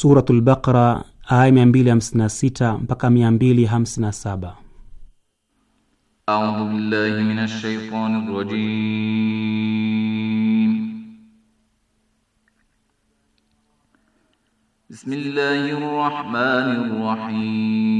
Suratul Baqara aya 256 mpaka 257. A'udhu billahi minash shaitanir rajim. Bismillahir rahmanir rahim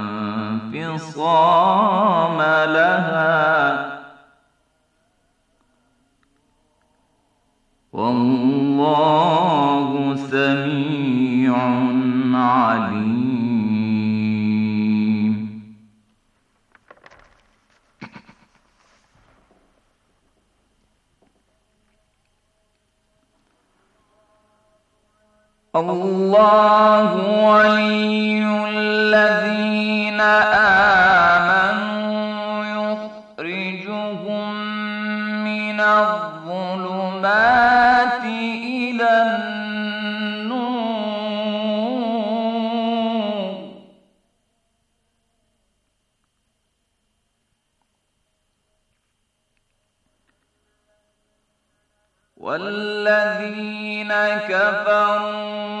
انفصام لها والله سميع عليم الله ولي الذين آمنوا يخرجهم من الظلمات والذين كفروا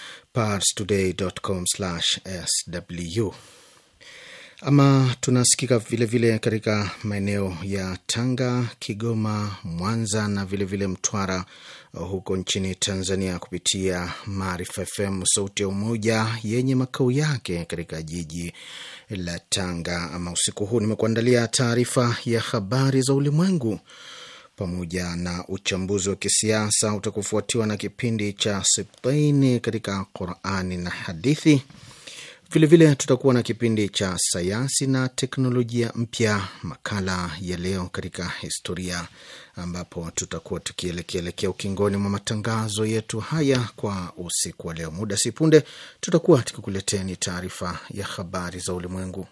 parstoday.com/sw. Ama tunasikika vilevile katika maeneo ya Tanga, Kigoma, Mwanza na vilevile vile Mtwara huko nchini Tanzania kupitia Maarifa FM sauti ya Umoja yenye makao yake katika jiji la Tanga. Ama usiku huu nimekuandalia taarifa ya habari za ulimwengu pamoja na uchambuzi wa kisiasa utakufuatiwa na kipindi cha sitaini katika Qurani na hadithi. Vilevile tutakuwa na kipindi cha sayansi na teknolojia mpya, makala ya leo katika historia, ambapo tutakuwa tukielekeelekea ukingoni mwa matangazo yetu haya kwa usiku wa leo. Muda si punde tutakuwa tukikuleteni taarifa ya habari za ulimwengu.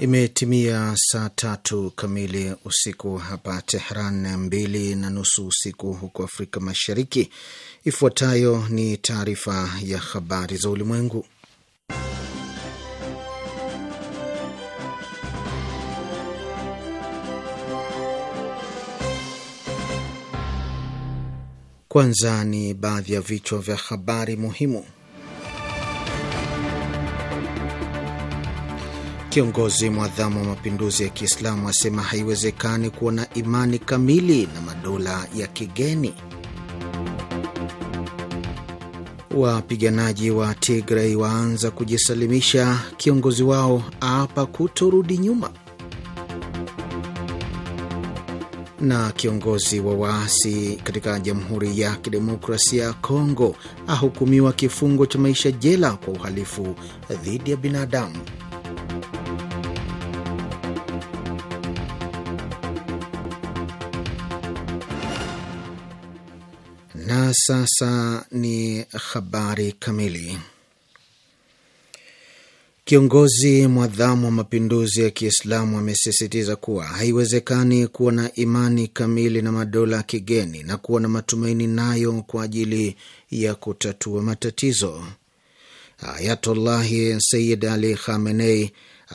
Imetimia saa tatu kamili usiku hapa Tehran, mbili na nusu usiku huko Afrika Mashariki. Ifuatayo ni taarifa ya habari za ulimwengu, kwanza ni baadhi ya vichwa vya habari muhimu. Kiongozi mwadhamu wa mapinduzi ya Kiislamu asema haiwezekani kuwa na imani kamili na madola ya kigeni. Wapiganaji wa tigrei waanza kujisalimisha, kiongozi wao aapa kutorudi nyuma. Na kiongozi wa waasi katika Jamhuri ya Kidemokrasia ya Kongo ahukumiwa kifungo cha maisha jela kwa uhalifu dhidi ya binadamu. sasa ni habari kamili. Kiongozi mwadhamu wa mapinduzi ya Kiislamu amesisitiza kuwa haiwezekani kuwa na imani kamili na madola ya kigeni na kuwa na matumaini nayo kwa ajili ya kutatua matatizo. Ayatullahi Sayid Ali Khamenei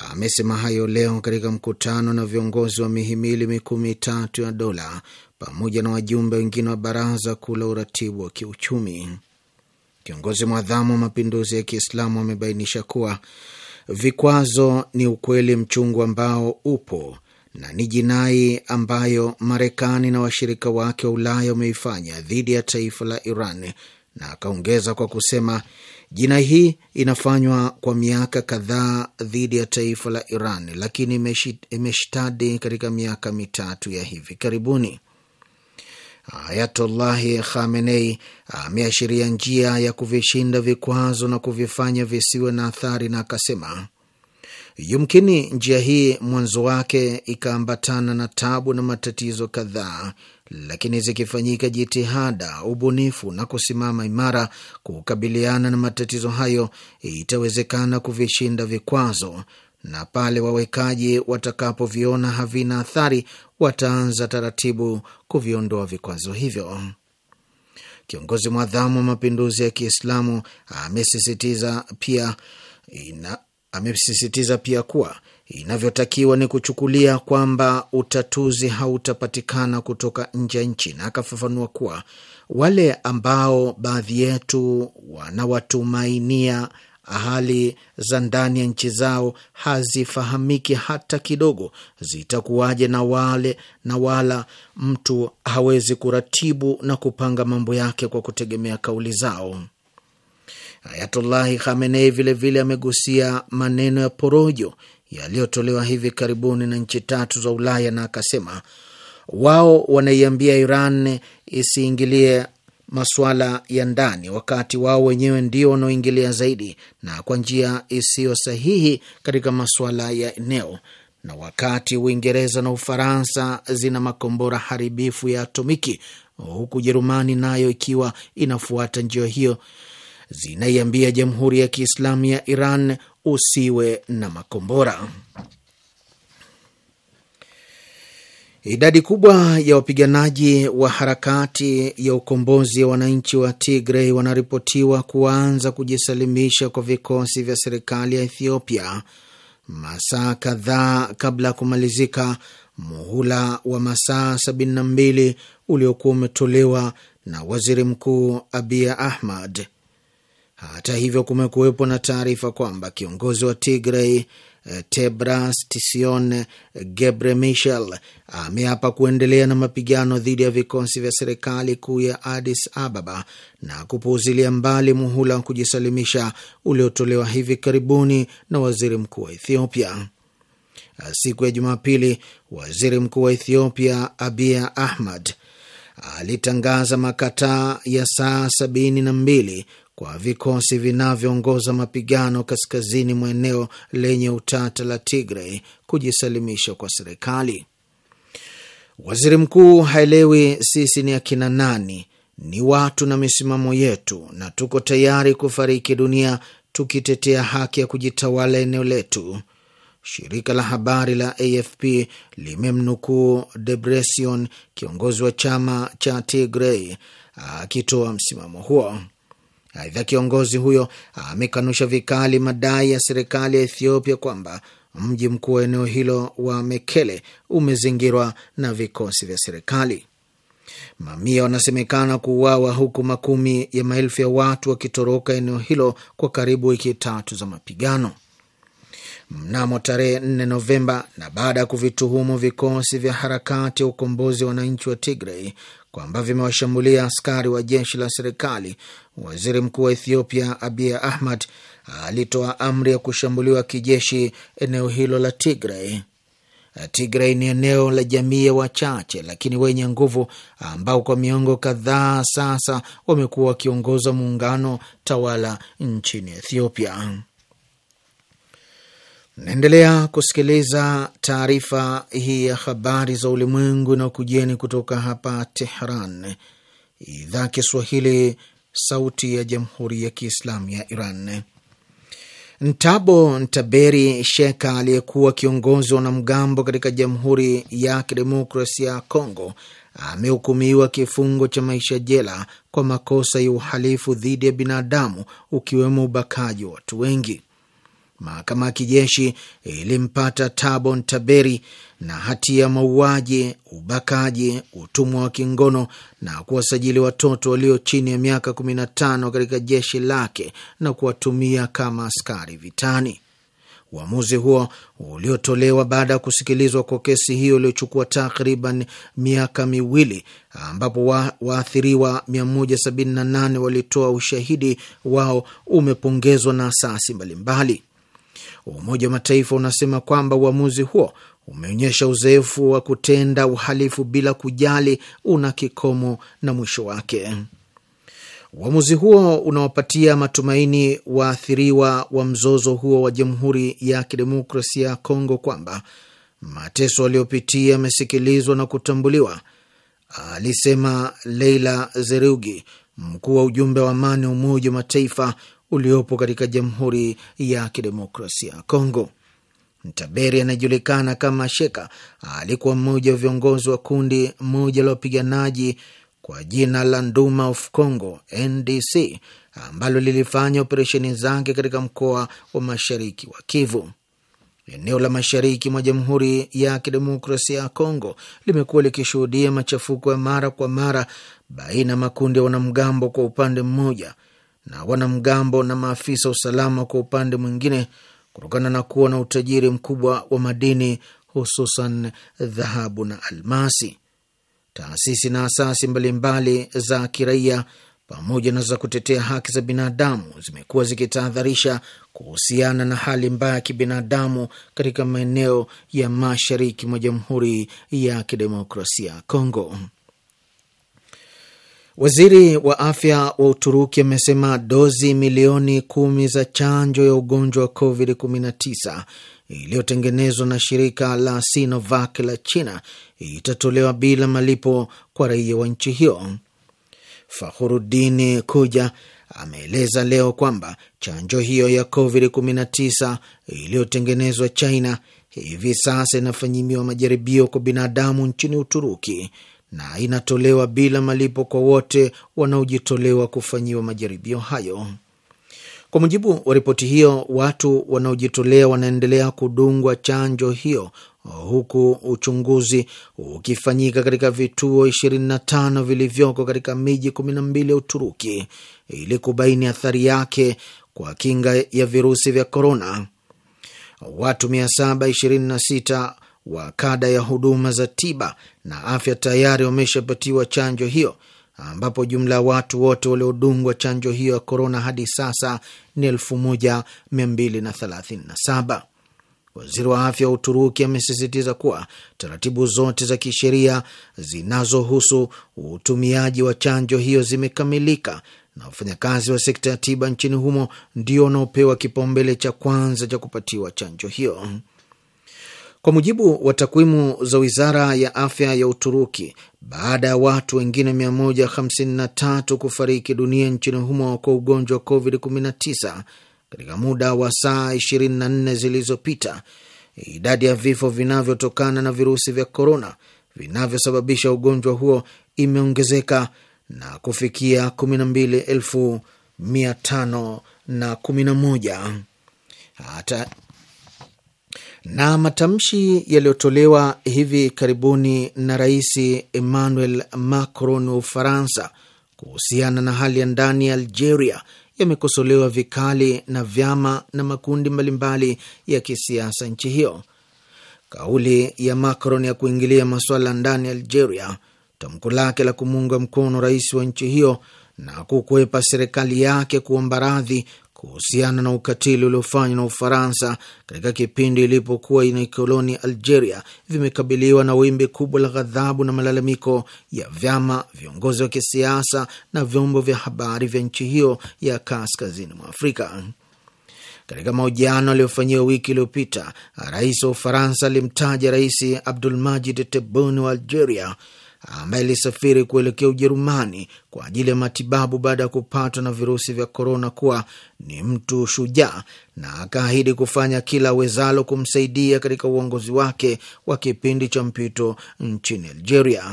amesema hayo leo katika mkutano na viongozi wa mihimili mikuu mitatu ya dola pamoja na wajumbe wengine wa baraza kuu la uratibu wa kiuchumi. Kiongozi mwadhamu wa mapinduzi ya Kiislamu amebainisha kuwa vikwazo ni ukweli mchungu ambao upo na ni jinai ambayo Marekani na washirika wake wa Ulaya wameifanya dhidi ya taifa la Iran, na akaongeza kwa kusema jinai hii inafanywa kwa miaka kadhaa dhidi ya taifa la Iran, lakini imeshtadi katika miaka mitatu ya hivi karibuni. Ayatullahi Khamenei ameashiria njia ya kuvishinda vikwazo na kuvifanya visiwe na athari, na akasema yumkini njia hii mwanzo wake ikaambatana na tabu na matatizo kadhaa, lakini zikifanyika jitihada, ubunifu na kusimama imara kukabiliana na matatizo hayo, itawezekana kuvishinda vikwazo na pale wawekaji watakapoviona havina athari, wataanza taratibu kuviondoa vikwazo hivyo. Kiongozi mwadhamu wa mapinduzi ya Kiislamu amesisitiza pia ina, amesisitiza pia kuwa inavyotakiwa ni kuchukulia kwamba utatuzi hautapatikana kutoka nje ya nchi, na akafafanua kuwa wale ambao baadhi yetu wanawatumainia hali za ndani ya nchi zao hazifahamiki hata kidogo, zitakuwaje na wale na wala mtu hawezi kuratibu na kupanga mambo yake kwa kutegemea kauli zao. Ayatullahi Khamenei vilevile amegusia maneno ya porojo yaliyotolewa hivi karibuni na nchi tatu za Ulaya na akasema wao wanaiambia Iran isiingilie masuala ya ndani, wakati wao wenyewe ndio wanaoingilia zaidi na kwa njia isiyo sahihi katika masuala ya eneo. Na wakati Uingereza na Ufaransa zina makombora haribifu ya atomiki, huku Ujerumani nayo ikiwa inafuata njia hiyo, zinaiambia Jamhuri ya Kiislamu ya Iran usiwe na makombora. Idadi kubwa ya wapiganaji wa harakati ya ukombozi wa wananchi wa Tigray wanaripotiwa kuanza kujisalimisha kwa vikosi vya serikali ya Ethiopia masaa kadhaa kabla ya kumalizika muhula wa masaa 72 uliokuwa umetolewa na waziri mkuu Abiy Ahmed. Hata hivyo, kumekuwepo na taarifa kwamba kiongozi wa Tigray Eh, Tebras Tision Gebre Michel ameapa kuendelea na mapigano dhidi ya vikosi vya serikali kuu ya adis Ababa na kupuuzilia mbali muhula wa kujisalimisha uliotolewa hivi karibuni na waziri mkuu wa Ethiopia. Eh, siku ya Jumapili, waziri mkuu wa Ethiopia abia ahmad alitangaza makataa ya saa sabini na mbili kwa vikosi vinavyoongoza mapigano kaskazini mwa eneo lenye utata la Tigray kujisalimisha kwa serikali. Waziri mkuu haelewi sisi ni akina nani, ni watu na misimamo yetu, na tuko tayari kufariki dunia tukitetea haki ya kujitawala eneo letu. Shirika la habari la AFP limemnukuu Debresion, kiongozi wa chama cha Tigray, akitoa msimamo huo. Aidha, kiongozi huyo amekanusha vikali madai ya serikali ya Ethiopia kwamba mji mkuu wa eneo hilo wa Mekele umezingirwa na vikosi vya serikali. Mamia wanasemekana kuuawa huku makumi ya maelfu ya watu wakitoroka eneo hilo kwa karibu wiki tatu za mapigano. Mnamo tarehe 4 Novemba, na baada ya kuvituhumu vikosi vya harakati ya ukombozi wa wananchi wa Tigray kwamba vimewashambulia askari wa jeshi la serikali, waziri mkuu wa Ethiopia Abiy Ahmed alitoa amri ya kushambuliwa kijeshi eneo hilo la Tigray. Tigray ni eneo la jamii ya wachache lakini wenye nguvu ambao kwa miongo kadhaa sasa wamekuwa wakiongoza muungano tawala nchini Ethiopia. Naendelea kusikiliza taarifa hii ya habari za ulimwengu na ukujeni kutoka hapa Tehran, idhaa Kiswahili, sauti ya jamhuri ya kiislamu ya Iran. Ntabo Ntaberi Sheka aliyekuwa kiongozi wa wanamgambo katika Jamhuri ya Kidemokrasia ya Kongo amehukumiwa kifungo cha maisha jela kwa makosa ya uhalifu dhidi ya binadamu ukiwemo ubakaji wa watu wengi mahakama ya kijeshi ilimpata Tabon Taberi na hatia ya mauaji, ubakaji, utumwa wa kingono na kuwasajili watoto walio chini ya miaka 15 katika jeshi lake na kuwatumia kama askari vitani. Uamuzi huo uliotolewa baada ya kusikilizwa kwa kesi hiyo iliyochukua takriban miaka miwili ambapo wa, waathiriwa 178 walitoa ushahidi wao umepongezwa na asasi mbalimbali mbali. Umoja wa Mataifa unasema kwamba uamuzi huo umeonyesha uzoefu wa kutenda uhalifu bila kujali una kikomo na mwisho wake. Uamuzi huo unawapatia matumaini waathiriwa wa mzozo huo wa Jamhuri ya Kidemokrasia ya Kongo kwamba mateso waliopitia yamesikilizwa na kutambuliwa, alisema Leila Zerugi, mkuu wa ujumbe wa amani wa Umoja wa Mataifa uliopo katika Jamhuri ya Kidemokrasia ya Kongo. Ntaberi anajulikana kama Sheka, alikuwa mmoja wa viongozi wa kundi moja la wapiganaji kwa jina la Nduma of Congo, NDC, ambalo lilifanya operesheni zake katika mkoa wa mashariki wa Kivu. Eneo la mashariki mwa Jamhuri ya Kidemokrasia ya Kongo limekuwa likishuhudia machafuko ya mara kwa mara baina ya makundi ya wanamgambo kwa upande mmoja na wanamgambo na maafisa usalama kwa upande mwingine, kutokana na kuwa na utajiri mkubwa wa madini hususan dhahabu na almasi. Taasisi na asasi mbalimbali za kiraia pamoja na za kutetea haki za binadamu zimekuwa zikitahadharisha kuhusiana na hali mbaya ya kibinadamu katika maeneo ya mashariki mwa Jamhuri ya Kidemokrasia ya Kongo. Waziri wa afya wa Uturuki amesema dozi milioni kumi za chanjo ya ugonjwa wa COVID-19 iliyotengenezwa na shirika la Sinovac la China itatolewa bila malipo kwa raia wa nchi hiyo. Fakhurudini Kuja ameeleza leo kwamba chanjo hiyo ya COVID-19 iliyotengenezwa China hivi sasa inafanyiwa majaribio kwa binadamu nchini Uturuki na inatolewa bila malipo kwa wote wanaojitolewa kufanyiwa majaribio hayo. Kwa mujibu wa ripoti hiyo, watu wanaojitolea wanaendelea kudungwa chanjo hiyo huku uchunguzi ukifanyika katika vituo 25 vilivyoko katika miji 12 ya Uturuki ili kubaini athari yake kwa kinga ya virusi vya korona. Watu 726 wa kada ya huduma za tiba na afya tayari wameshapatiwa chanjo hiyo, ambapo jumla ya watu wote waliodungwa chanjo hiyo ya korona hadi sasa ni 1237. Waziri wa afya wa Uturuki amesisitiza kuwa taratibu zote za kisheria zinazohusu utumiaji wa chanjo hiyo zimekamilika na wafanyakazi wa sekta ya tiba nchini humo ndio wanaopewa kipaumbele cha kwanza cha kupatiwa chanjo hiyo. Kwa mujibu wa takwimu za wizara ya afya ya Uturuki, baada ya watu wengine 153 kufariki dunia nchini humo kwa ugonjwa wa COVID-19 katika muda wa saa 24 zilizopita, idadi ya vifo vinavyotokana na virusi vya korona vinavyosababisha ugonjwa huo imeongezeka na kufikia 12,511. Hata na matamshi yaliyotolewa hivi karibuni na Rais Emmanuel Macron wa Ufaransa kuhusiana na hali ya ndani ya Algeria yamekosolewa vikali na vyama na makundi mbalimbali ya kisiasa nchi hiyo. Kauli ya Macron ya kuingilia masuala ndani ya Algeria, tamko lake la kumuunga mkono rais wa nchi hiyo na kukwepa serikali yake kuomba radhi kuhusiana na ukatili uliofanywa na Ufaransa katika kipindi ilipokuwa inaikoloni Algeria vimekabiliwa na wimbi kubwa la ghadhabu na malalamiko ya vyama, viongozi wa kisiasa na vyombo vya habari vya nchi hiyo ya kaskazini mwa Afrika. Katika mahojiano aliyofanyiwa wiki iliyopita, rais wa Ufaransa alimtaja Rais abdul majid Tebboune wa Algeria ambaye alisafiri kuelekea Ujerumani kwa ajili ya matibabu baada ya kupatwa na virusi vya korona kuwa ni mtu shujaa na akaahidi kufanya kila wezalo kumsaidia katika uongozi wake wa kipindi cha mpito nchini Algeria.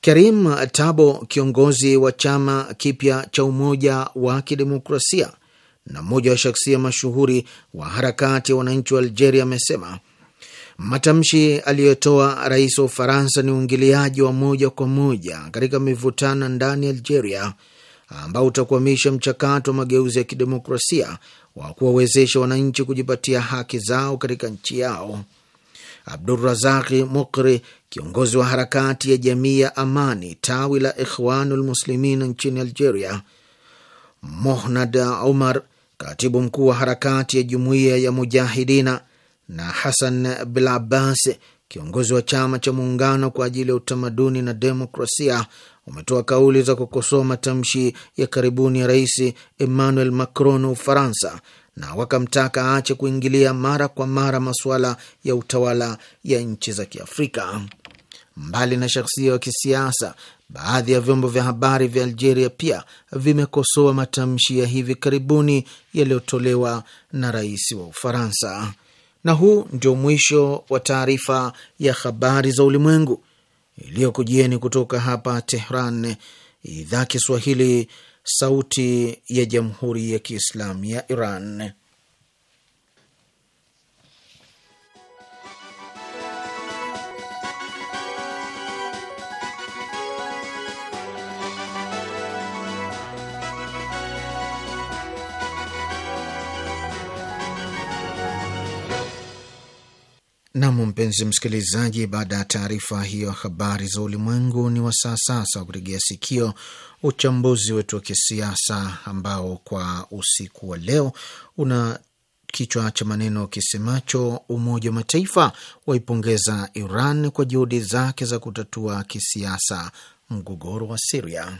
Karim Tabo, kiongozi wa chama kipya cha Umoja wa Kidemokrasia na mmoja wa shaksia mashuhuri wa harakati ya wananchi wa Algeria, amesema Matamshi aliyotoa rais wa Ufaransa ni uingiliaji wa moja kwa moja katika mivutano ndani ya Algeria ambao utakwamisha mchakato wa mageuzi ya kidemokrasia wa kuwawezesha wananchi kujipatia haki zao katika nchi yao. Abdurazaki Mukri, kiongozi wa harakati ya jamii ya amani tawi la Ikhwanul Muslimin nchini Algeria, Mohnad Omar, katibu mkuu wa harakati ya jumuiya ya Mujahidina na Hassan Blabas, kiongozi wa chama cha muungano kwa ajili ya utamaduni na demokrasia, umetoa kauli za kukosoa matamshi ya karibuni ya Rais Emmanuel Macron wa Ufaransa na wakamtaka aache kuingilia mara kwa mara masuala ya utawala ya nchi za Kiafrika. Mbali na shahsia wa kisiasa, baadhi ya vyombo vya habari vya Algeria pia vimekosoa matamshi ya hivi karibuni yaliyotolewa na rais wa Ufaransa. Na huu ndio mwisho wa taarifa ya habari za ulimwengu iliyokujieni kutoka hapa Tehran, idhaa Kiswahili, sauti ya jamhuri ya kiislamu ya Iran. Nam, mpenzi msikilizaji, baada ya taarifa hiyo habari za ulimwengu, ni wasaa sasa wa kuregea sikio uchambuzi wetu wa kisiasa ambao kwa usiku wa leo una kichwa cha maneno kisemacho Umoja wa Mataifa waipongeza Iran kwa juhudi zake za kutatua kisiasa mgogoro wa Siria.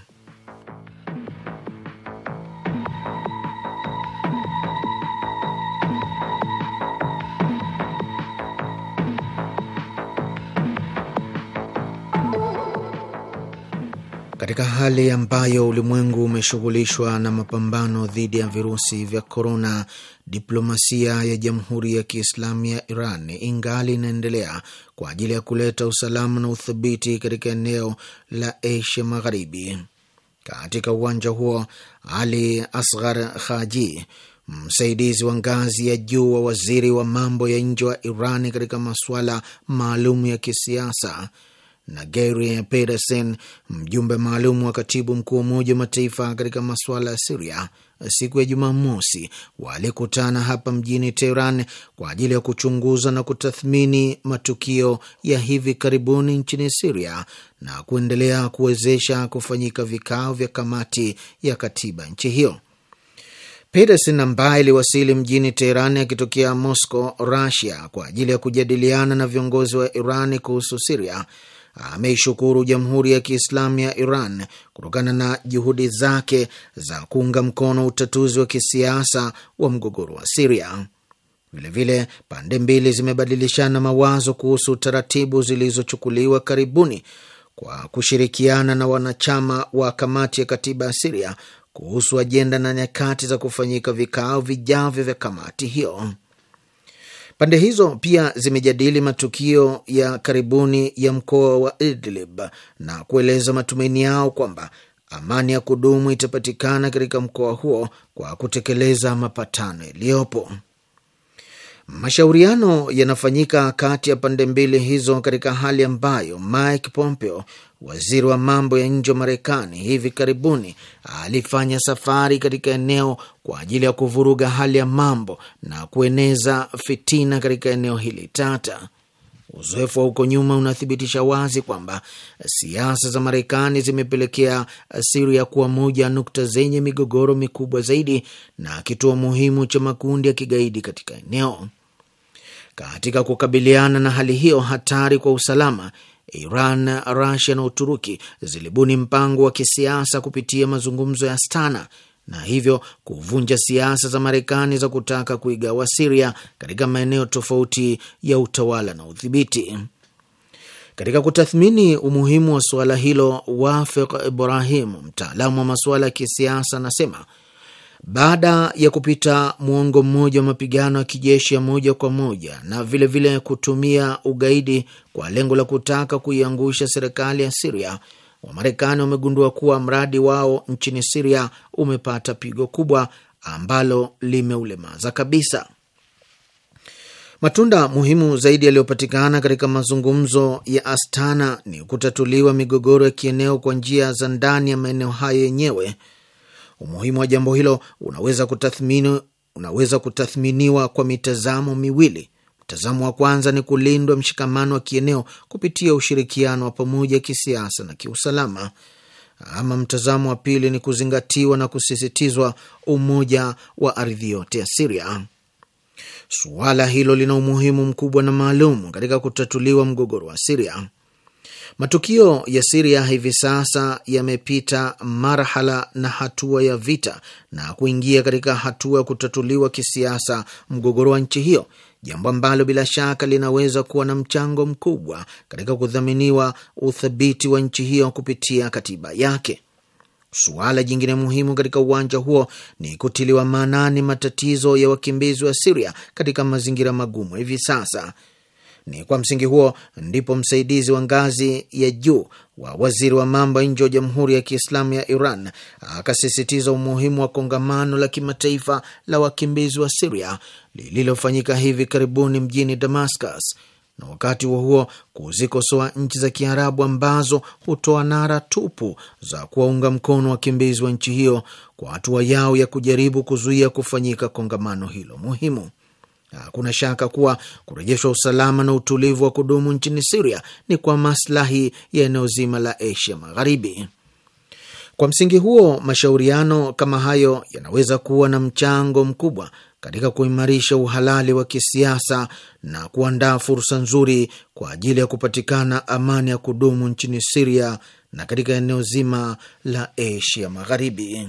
Katika hali ambayo ulimwengu umeshughulishwa na mapambano dhidi ya virusi vya korona, diplomasia ya Jamhuri ya Kiislamu ya Iran ingali inaendelea kwa ajili ya kuleta usalama na uthabiti katika eneo la Asia Magharibi. Katika uwanja huo, Ali Asghar Khaji, msaidizi wa ngazi ya juu wa waziri wa mambo ya nje wa Iran katika masuala maalum ya kisiasa na Gary Pedersen, mjumbe maalum wa katibu mkuu wa Umoja wa Mataifa katika masuala ya Siria, siku ya Jumamosi walikutana hapa mjini Teheran kwa ajili ya kuchunguza na kutathmini matukio ya hivi karibuni nchini Siria na kuendelea kuwezesha kufanyika vikao vya kamati ya katiba nchi hiyo. Pedersen ambaye aliwasili mjini Teherani akitokea Moscow, Russia, kwa ajili ya kujadiliana na viongozi wa iran kuhusu Siria ameishukuru Jamhuri ya Kiislamu ya Iran kutokana na juhudi zake za kuunga mkono utatuzi wa kisiasa wa mgogoro wa Siria. Vilevile, pande mbili zimebadilishana mawazo kuhusu taratibu zilizochukuliwa karibuni kwa kushirikiana na wanachama wa kamati ya katiba ya Siria kuhusu ajenda na nyakati za kufanyika vikao vijavyo vya kamati hiyo. Pande hizo pia zimejadili matukio ya karibuni ya mkoa wa Idlib na kueleza matumaini yao kwamba amani ya kudumu itapatikana katika mkoa huo kwa kutekeleza mapatano yaliyopo. Mashauriano yanafanyika kati ya pande mbili hizo katika hali ambayo Mike Pompeo, waziri wa mambo ya nje wa Marekani, hivi karibuni alifanya safari katika eneo kwa ajili ya kuvuruga hali ya mambo na kueneza fitina katika eneo hili tata. Uzoefu wa huko nyuma unathibitisha wazi kwamba siasa za Marekani zimepelekea Siria kuwa moja nukta zenye migogoro mikubwa zaidi na kituo muhimu cha makundi ya kigaidi katika eneo. Katika kukabiliana na hali hiyo hatari kwa usalama, Iran, Rasia na Uturuki zilibuni mpango wa kisiasa kupitia mazungumzo ya Astana na hivyo kuvunja siasa za Marekani za kutaka kuigawa Siria katika maeneo tofauti ya utawala na udhibiti. Katika kutathmini umuhimu wa suala hilo, Wafiq Ibrahim, mtaalamu wa masuala ya kisiasa, anasema baada ya kupita mwongo mmoja wa mapigano ya kijeshi ya moja kwa moja na vilevile vile kutumia ugaidi kwa lengo la kutaka kuiangusha serikali ya Siria, Wamarekani wamegundua kuwa mradi wao nchini Siria umepata pigo kubwa ambalo limeulemaza kabisa. Matunda muhimu zaidi yaliyopatikana katika mazungumzo ya Astana ni kutatuliwa migogoro ya kieneo kwa njia za ndani ya maeneo hayo yenyewe. Umuhimu wa jambo hilo unaweza kutathmini, unaweza kutathminiwa kwa mitazamo miwili. Mtazamo wa kwanza ni kulindwa mshikamano wa kieneo kupitia ushirikiano wa pamoja kisiasa na kiusalama. Ama mtazamo wa pili ni kuzingatiwa na kusisitizwa umoja wa ardhi yote ya Siria. Suala hilo lina umuhimu mkubwa na maalum katika kutatuliwa mgogoro wa Siria. Matukio ya Siria hivi sasa yamepita marhala na hatua ya vita na kuingia katika hatua ya kutatuliwa kisiasa mgogoro wa nchi hiyo, jambo ambalo bila shaka linaweza kuwa na mchango mkubwa katika kudhaminiwa uthabiti wa nchi hiyo kupitia katiba yake. Suala jingine muhimu katika uwanja huo ni kutiliwa maanani matatizo ya wakimbizi wa Siria katika mazingira magumu hivi sasa. Ni kwa msingi huo ndipo msaidizi wa ngazi ya juu wa waziri wa mambo ya nje wa Jamhuri ya Kiislamu ya Iran akasisitiza umuhimu wa kongamano la kimataifa la wakimbizi wa Siria lililofanyika hivi karibuni mjini Damascus na wakati huo huo kuzikosoa nchi za Kiarabu ambazo hutoa nara tupu za kuwaunga mkono wakimbizi wa nchi hiyo kwa hatua yao ya kujaribu kuzuia kufanyika kongamano hilo muhimu. Hakuna shaka kuwa kurejeshwa usalama na utulivu wa kudumu nchini Siria ni kwa maslahi ya eneo zima la Asia Magharibi. Kwa msingi huo, mashauriano kama hayo yanaweza kuwa na mchango mkubwa katika kuimarisha uhalali wa kisiasa na kuandaa fursa nzuri kwa ajili ya kupatikana amani ya kudumu nchini Siria na katika eneo zima la Asia Magharibi.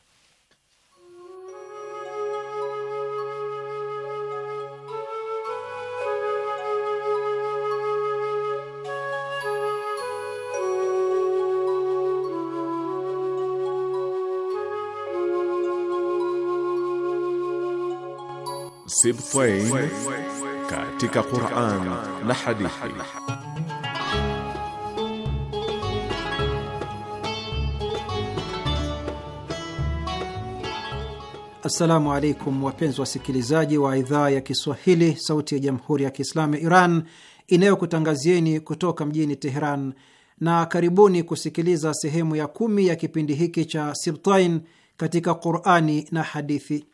Sibtain katika Qur'an na hadithi. Assalamu alaikum wapenzi wasikilizaji wa idhaa ya Kiswahili sauti ya Jamhuri ya Kiislamu ya Iran inayokutangazieni kutoka mjini Teheran na karibuni kusikiliza sehemu ya kumi ya kipindi hiki cha Sibtain katika Qur'ani na hadithi.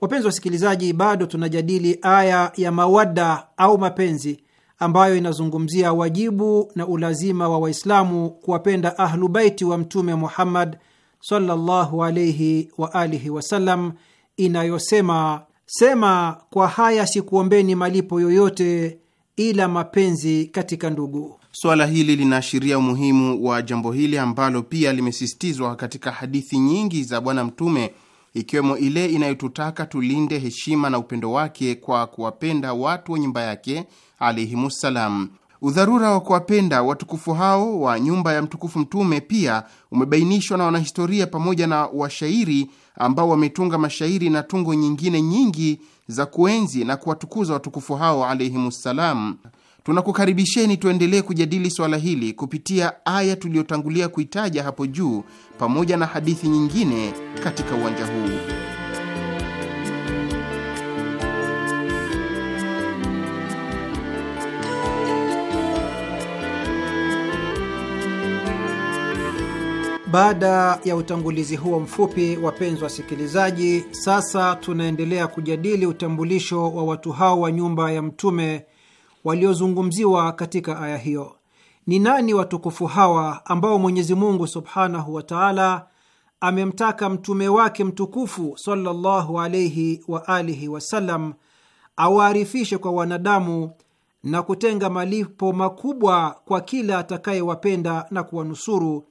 Wapenzi wasikilizaji, bado tunajadili aya ya mawadda au mapenzi ambayo inazungumzia wajibu na ulazima wa Waislamu kuwapenda Ahlubaiti wa Mtume Muhammad sallallahu alaihi wa alihi wasallam, inayosema: Sema, kwa haya sikuombeni malipo yoyote ila mapenzi katika ndugu. Suala hili linaashiria umuhimu wa jambo hili ambalo pia limesisitizwa katika hadithi nyingi za Bwana Mtume ikiwemo ile inayotutaka tulinde heshima na upendo wake kwa kuwapenda watu wa nyumba yake alaihimussalam. Udharura wa kuwapenda watukufu hao wa nyumba ya mtukufu Mtume pia umebainishwa na wanahistoria pamoja na washairi ambao wametunga mashairi na tungo nyingine nyingi za kuenzi na kuwatukuza watukufu hao alaihimussalam. Tunakukaribisheni tuendelee kujadili swala hili kupitia aya tuliyotangulia kuitaja hapo juu pamoja na hadithi nyingine katika uwanja huu. Baada ya utangulizi huo mfupi, wapenzi wasikilizaji, sasa tunaendelea kujadili utambulisho wa watu hao wa nyumba ya Mtume waliozungumziwa katika aya hiyo. Ni nani watukufu hawa ambao Mwenyezi Mungu subhanahu wa taala amemtaka mtume wake mtukufu sallallahu alaihi wa alihi wasallam awaarifishe kwa wanadamu na kutenga malipo makubwa kwa kila atakayewapenda na kuwanusuru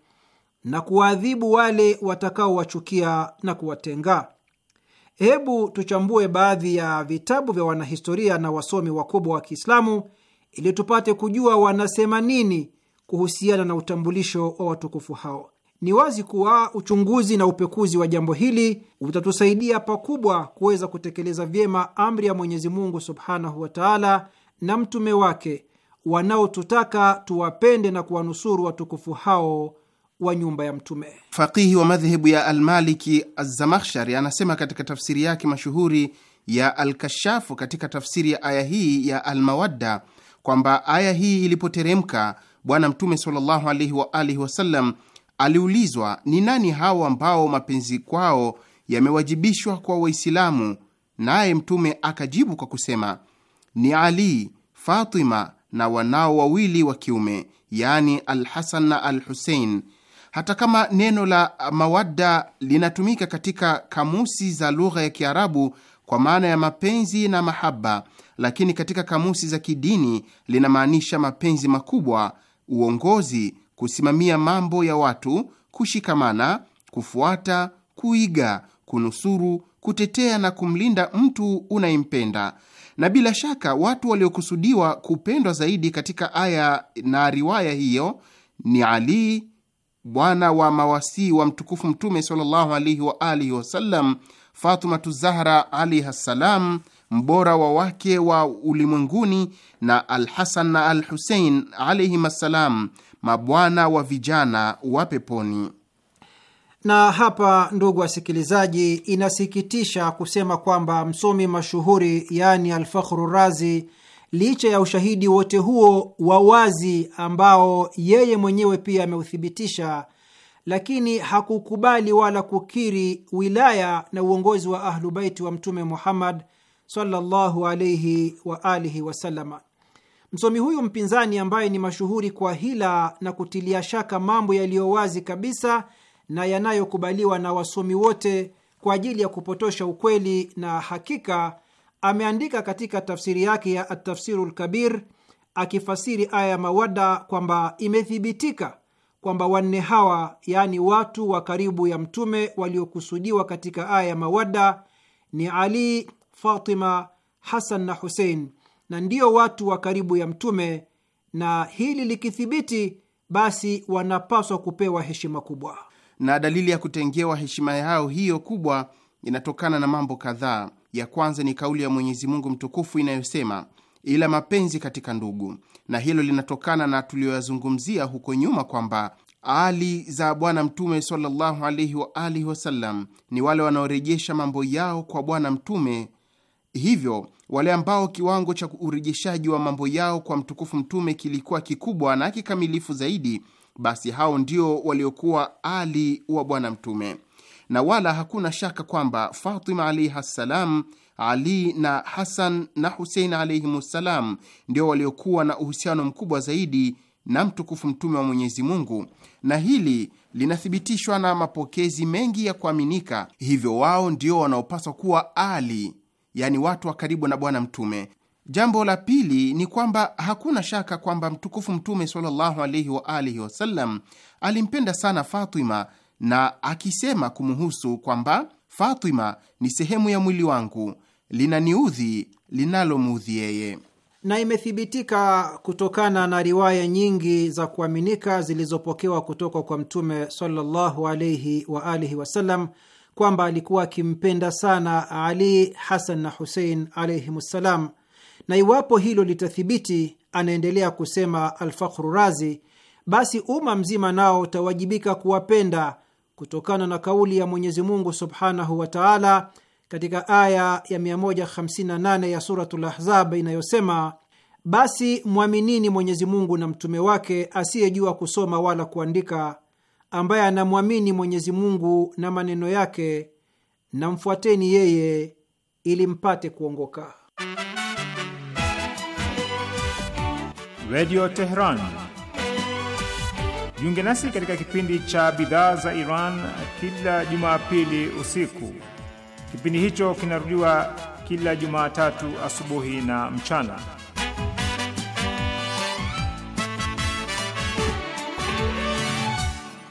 na kuwaadhibu wale watakaowachukia na kuwatenga. Hebu tuchambue baadhi ya vitabu vya wanahistoria na wasomi wakubwa wa Kiislamu ili tupate kujua wanasema nini kuhusiana na utambulisho wa watukufu hao. Ni wazi kuwa uchunguzi na upekuzi wa jambo hili utatusaidia pakubwa kuweza kutekeleza vyema amri ya Mwenyezi Mungu subhanahu wa taala na mtume wake wanaotutaka tuwapende na kuwanusuru watukufu hao wa nyumba ya Mtume. Fakihi wa madhhebu ya Almaliki Azamakhshari anasema katika tafsiri yake mashuhuri ya Alkashafu katika tafsiri ya aya hii ya Almawadda kwamba aya hii ilipoteremka, Bwana Mtume sallallahu alaihi wa alihi wasallam aliulizwa ni nani hao ambao mapenzi kwao yamewajibishwa kwa Waislamu, naye Mtume akajibu kwa kusema ni Ali, Fatima na wanao wawili wa kiume, yani Alhasan na Alhusein hata kama neno la mawadda linatumika katika kamusi za lugha ya Kiarabu kwa maana ya mapenzi na mahaba, lakini katika kamusi za kidini linamaanisha mapenzi makubwa, uongozi, kusimamia mambo ya watu, kushikamana, kufuata, kuiga, kunusuru, kutetea na kumlinda mtu unayempenda. Na bila shaka watu waliokusudiwa kupendwa zaidi katika aya na riwaya hiyo ni Ali bwana wa mawasii wa mtukufu Mtume sallallahu alaihi wa alihi wasallam, fatumatu Zahra alaihi ssalam, mbora wa wake wa ulimwenguni, na Alhasan na al Husein alaihim assalam, mabwana wa vijana wa peponi. Na hapa, ndugu wasikilizaji, inasikitisha kusema kwamba msomi mashuhuri yaani Alfakhru Razi licha ya ushahidi wote huo wa wazi ambao yeye mwenyewe pia ameuthibitisha, lakini hakukubali wala kukiri wilaya na uongozi wa Ahlubaiti wa Mtume Muhammad sallallahu alaihi wa alihi wasalama. Msomi huyu mpinzani ambaye ni mashuhuri kwa hila na kutilia shaka mambo yaliyo wazi kabisa na yanayokubaliwa na wasomi wote kwa ajili ya kupotosha ukweli na hakika ameandika katika tafsiri yake ya Atafsiru Lkabir akifasiri aya ya mawada kwamba imethibitika kwamba wanne hawa, yaani watu wa karibu ya Mtume waliokusudiwa katika aya ya mawada ni Ali, Fatima, Hasan na Husein, na ndiyo watu wa karibu ya Mtume, na hili likithibiti, basi wanapaswa kupewa heshima kubwa. Na dalili ya kutengewa heshima yao hiyo kubwa inatokana na mambo kadhaa. Ya kwanza ni kauli ya Mwenyezi Mungu mtukufu inayosema ila mapenzi katika ndugu, na hilo linatokana na tuliyoyazungumzia huko nyuma kwamba ali za Bwana Mtume sallallahu alaihi wa alihi wasallam ni wale wanaorejesha mambo yao kwa Bwana Mtume. Hivyo wale ambao kiwango cha urejeshaji wa mambo yao kwa mtukufu Mtume kilikuwa kikubwa na kikamilifu zaidi, basi hao ndio waliokuwa ali wa Bwana Mtume na wala hakuna shaka kwamba Fatima alaihi ssalam, Ali na Hasan na Husein alaihim ssalam ndio waliokuwa na uhusiano mkubwa zaidi na mtukufu Mtume wa Mwenyezi Mungu, na hili linathibitishwa na mapokezi mengi ya kuaminika. Hivyo wao ndio wanaopaswa kuwa ali, yani watu wa karibu na Bwana Mtume. Jambo la pili ni kwamba hakuna shaka kwamba mtukufu Mtume sallallahu alaihi wa alihi wasallam alimpenda sana Fatima na akisema kumuhusu kwamba Fatima ni sehemu ya mwili wangu, linaniudhi linalomuudhi yeye. Na imethibitika kutokana na riwaya nyingi za kuaminika zilizopokewa kutoka kwa Mtume sallallahu alaihi wa alihi wasallam kwamba alikuwa akimpenda sana Ali, Hasan na Husein alaihimussalam. Na iwapo hilo litathibiti, anaendelea kusema Alfakhru Razi, basi umma mzima nao utawajibika kuwapenda kutokana na kauli ya Mwenyezi Mungu subhanahu wa taala katika aya ya 158 ya Suratul Ahzab inayosema, basi mwaminini Mwenyezi Mungu na mtume wake asiyejua kusoma wala kuandika, ambaye anamwamini Mwenyezi Mungu na maneno yake, na mfuateni yeye ili mpate kuongoka. Radio Tehran Jiunge nasi katika kipindi cha bidhaa za Iran kila Jumapili usiku. Kipindi hicho kinarudiwa kila Jumatatu asubuhi na mchana.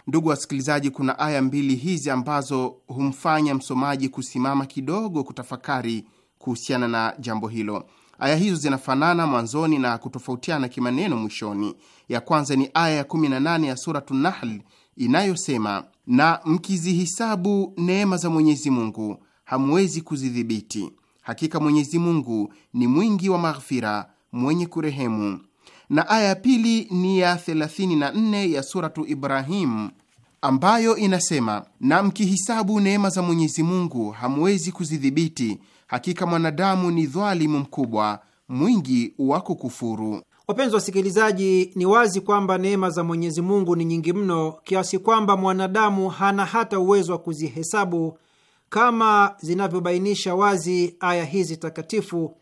Ndugu wasikilizaji, kuna aya mbili hizi ambazo humfanya msomaji kusimama kidogo kutafakari kuhusiana na jambo hilo. Aya hizo zinafanana mwanzoni na kutofautiana kimaneno mwishoni. Ya kwanza ni aya ya 18 ya Suratu Nahl inayosema, na mkizihisabu neema za Mwenyezi Mungu hamwezi kuzidhibiti, hakika Mwenyezi Mungu ni mwingi wa maghfira, mwenye kurehemu. Na aya ya pili ni ya 34 ya Suratu Ibrahim ambayo inasema, na mkihisabu neema za Mwenyezi Mungu hamwezi kuzidhibiti Hakika mwanadamu ni dhalimu mkubwa, mwingi wa kukufuru. Wapenzi wasikilizaji, ni wazi kwamba neema za Mwenyezi Mungu ni nyingi mno kiasi kwamba mwanadamu hana hata uwezo wa kuzihesabu kama zinavyobainisha wazi aya hizi takatifu,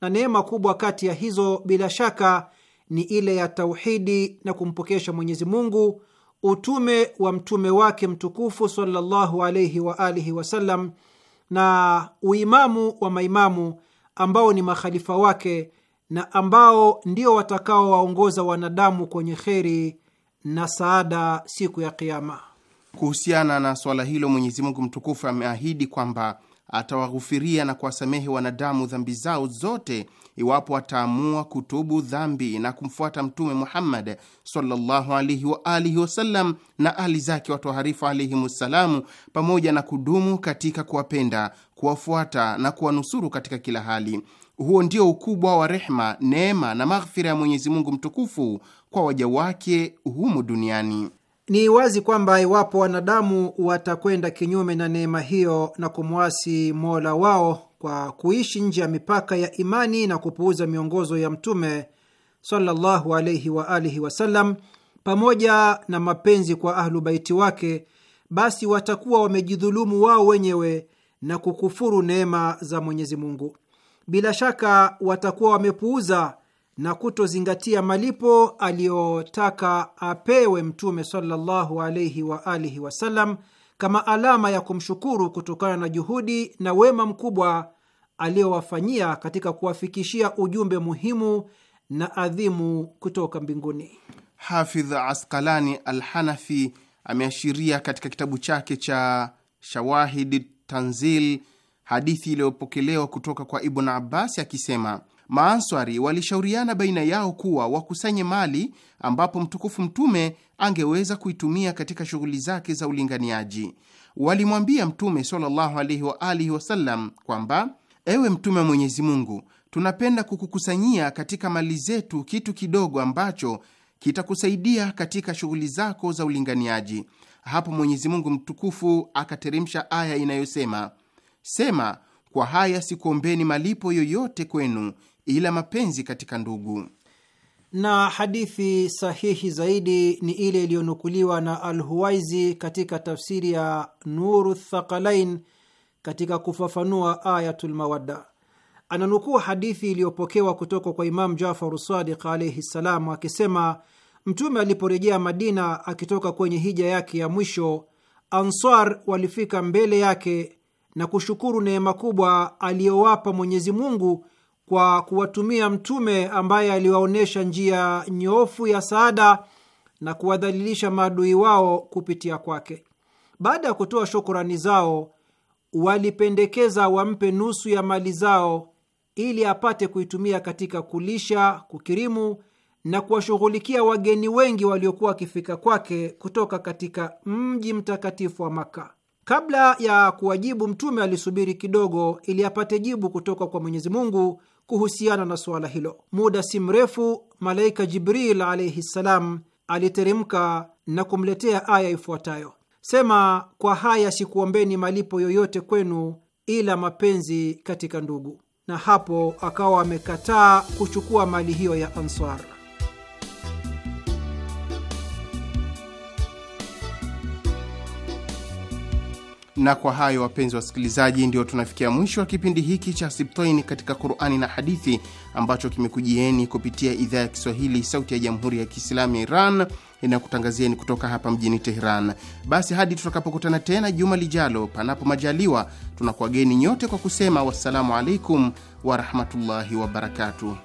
na neema kubwa kati ya hizo bila shaka ni ile ya tauhidi na kumpokesha Mwenyezi Mungu utume wa mtume wake mtukufu sallallahu alaihi wa alihi wasallam na uimamu wa maimamu ambao ni makhalifa wake na ambao ndio watakaowaongoza wanadamu kwenye kheri na saada siku ya Kiama. Kuhusiana na swala hilo, Mwenyezi Mungu mtukufu ameahidi kwamba atawaghufiria na kuwasamehe wanadamu dhambi zao zote iwapo wataamua kutubu dhambi na kumfuata Mtume Muhammad sallallahu wa alihi wasallam na ahli zake watoharifu ssalamu, pamoja na kudumu katika kuwapenda, kuwafuata na kuwanusuru katika kila hali. Huo ndio ukubwa wa rehma, neema na maghfira ya Mwenyezi Mungu mtukufu kwa waja wake humu duniani. Ni wazi kwamba iwapo wanadamu watakwenda kinyume na neema hiyo na kumwasi mola wao kwa kuishi nje ya mipaka ya imani na kupuuza miongozo ya Mtume sallallahu wa alihi wasallam pamoja na mapenzi kwa Ahlu Baiti wake, basi watakuwa wamejidhulumu wao wenyewe na kukufuru neema za Mwenyezi Mungu. Bila shaka watakuwa wamepuuza na kutozingatia malipo aliyotaka apewe Mtume sallallahu alaihi wa alihi wasallam kama alama ya kumshukuru kutokana na juhudi na wema mkubwa aliyowafanyia katika kuwafikishia ujumbe muhimu na adhimu kutoka mbinguni. Hafidh Askalani Alhanafi ameashiria katika kitabu chake cha Shawahid Tanzil hadithi iliyopokelewa kutoka kwa Ibn Abbas akisema maanswari walishauriana baina yao kuwa wakusanye mali ambapo mtukufu Mtume angeweza kuitumia katika shughuli zake za ulinganiaji. Walimwambia Mtume sallallahu alaihi wa alihi wasallam kwamba, ewe Mtume wa Mwenyezi Mungu, tunapenda kukukusanyia katika mali zetu kitu kidogo ambacho kitakusaidia katika shughuli zako za ulinganiaji. Hapo Mwenyezi Mungu mtukufu akateremsha aya inayosema, sema kwa haya sikuombeni malipo yoyote kwenu ila mapenzi katika ndugu. Na hadithi sahihi zaidi ni ile iliyonukuliwa na Alhuwaizi katika tafsiri ya Nuru Thaqalain katika kufafanua Ayatul Mawadda ananukuu hadithi iliyopokewa kutoka kwa Imamu Jafaru Sadiq alaihi ssalam akisema Mtume aliporejea Madina akitoka kwenye hija yake ya mwisho, Ansar walifika mbele yake na kushukuru neema kubwa aliyowapa Mwenyezi Mungu kwa kuwatumia Mtume ambaye aliwaonyesha njia nyoofu ya saada na kuwadhalilisha maadui wao kupitia kwake. Baada ya kutoa shukurani zao, walipendekeza wampe nusu ya mali zao ili apate kuitumia katika kulisha, kukirimu na kuwashughulikia wageni wengi waliokuwa wakifika kwake kutoka katika mji mtakatifu wa Maka. Kabla ya kuwajibu, Mtume alisubiri kidogo ili apate jibu kutoka kwa Mwenyezi Mungu kuhusiana na suala hilo. Muda si mrefu, malaika Jibril alaihi ssalam aliteremka na kumletea aya ifuatayo: Sema, kwa haya sikuombeni malipo yoyote kwenu ila mapenzi katika ndugu. Na hapo akawa amekataa kuchukua mali hiyo ya Ansar. Na kwa hayo, wapenzi wasikilizaji, ndio tunafikia mwisho wa kipindi hiki cha siptoini katika Qurani na Hadithi ambacho kimekujieni kupitia idhaa ya Kiswahili, Sauti ya Jamhuri ya Kiislamu ya Iran inayokutangazieni kutoka hapa mjini Teheran. Basi hadi tutakapokutana tena juma lijalo, panapo majaliwa, tunakuwageni nyote kwa kusema wassalamu alaikum warahmatullahi wabarakatuh.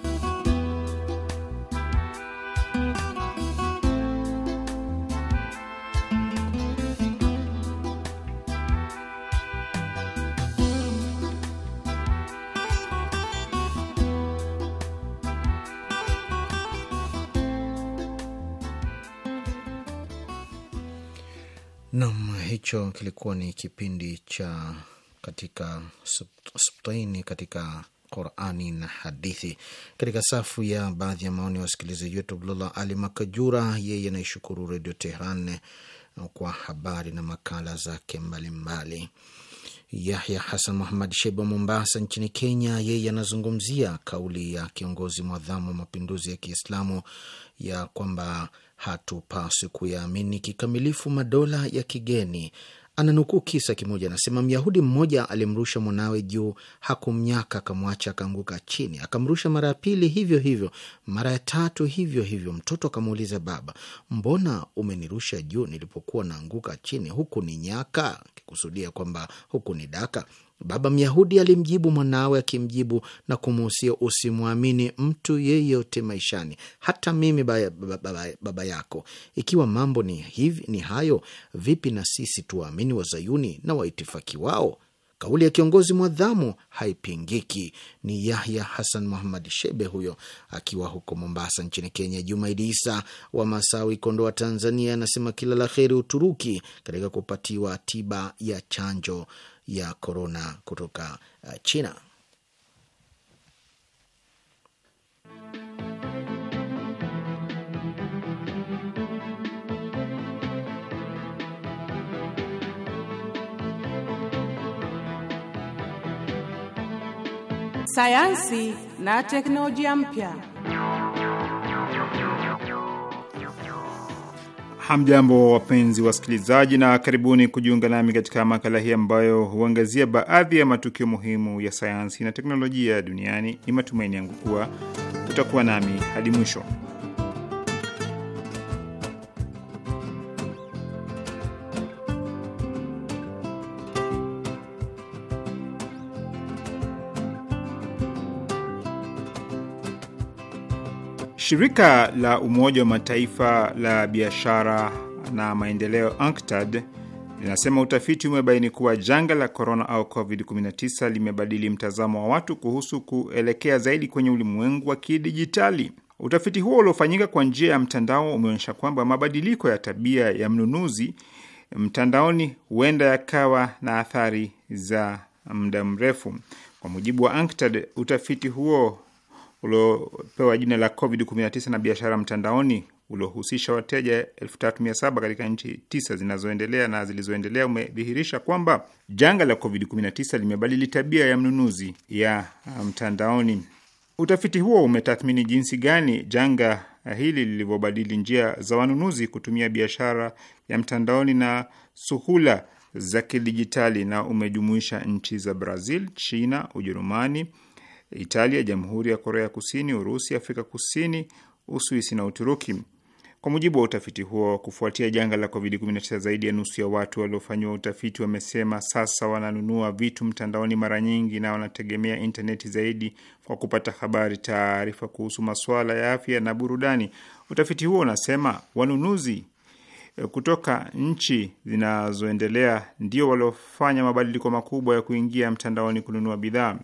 Hicho kilikuwa ni kipindi cha katika Sibtaini katika Qurani na hadithi. Katika safu ya baadhi ya maoni ya wasikilizaji wetu, Abdullah Ali Makajura yeye anaishukuru Redio Tehran kwa habari na makala zake mbalimbali. Yahya Hasan Muhamad Sheba Mombasa nchini Kenya, yeye anazungumzia kauli ya kiongozi mwadhamu wa mapinduzi ya Kiislamu ya kwamba hatupaswi kuyaamini kikamilifu madola ya kigeni. Ananukuu kisa kimoja, anasema Myahudi mmoja alimrusha mwanawe juu, hakumnyaka, akamwacha akaanguka chini, akamrusha mara ya pili hivyo hivyo, mara ya tatu hivyo hivyo. Mtoto akamuuliza, baba, mbona umenirusha juu nilipokuwa naanguka chini? huku ni nyaka, akikusudia kwamba huku ni daka. Baba Myahudi alimjibu mwanawe akimjibu na kumuhusia, usimwamini mtu yeyote maishani, hata mimi baya, baba, baba, yako. Ikiwa mambo ni hivi, ni hayo, vipi na sisi tuwaamini wazayuni na waitifaki wao? Kauli ya kiongozi mwadhamu haipingiki. Ni Yahya Hasan Muhamad Shebe huyo akiwa huko Mombasa nchini Kenya. Jumaidi Isa wa Masawi, Kondoa, Tanzania, anasema kila la heri Uturuki katika kupatiwa tiba ya chanjo ya korona kutoka uh, China. Sayansi na teknolojia mpya. Hamjambo, wapenzi wasikilizaji, na karibuni kujiunga nami katika makala hii ambayo huangazia baadhi ya matukio muhimu ya sayansi na teknolojia duniani. Ni matumaini yangu kuwa utakuwa nami hadi mwisho. Shirika la Umoja wa Mataifa la biashara na maendeleo UNCTAD linasema utafiti umebaini kuwa janga la korona au COVID-19 limebadili mtazamo wa watu kuhusu kuelekea zaidi kwenye ulimwengu wa kidijitali. Utafiti huo uliofanyika kwa njia ya mtandao umeonyesha kwamba mabadiliko ya tabia ya mnunuzi mtandaoni huenda yakawa na athari za muda mrefu. Kwa mujibu wa UNCTAD, utafiti huo uliopewa jina la COVID-19 na biashara mtandaoni uliohusisha wateja 3700 katika nchi tisa zinazoendelea na zilizoendelea umedhihirisha kwamba janga la COVID-19 limebadili tabia ya mnunuzi ya uh, mtandaoni. Utafiti huo umetathmini jinsi gani janga uh, hili lilivyobadili njia za wanunuzi kutumia biashara ya mtandaoni na suhula za kidijitali na umejumuisha nchi za Brazil, China, Ujerumani, Italia, Jamhuri ya Korea Kusini, Urusi, Afrika Kusini, Uswisi na Uturuki. Kwa mujibu wa utafiti huo, kufuatia janga la COVID-19, zaidi ya nusu ya watu waliofanyiwa utafiti wamesema sasa wananunua vitu mtandaoni mara nyingi na wanategemea intaneti zaidi kwa kupata habari, taarifa kuhusu masuala ya afya na burudani. Utafiti huo unasema wanunuzi eh, kutoka nchi zinazoendelea ndio waliofanya mabadiliko makubwa ya kuingia mtandaoni kununua bidhaa.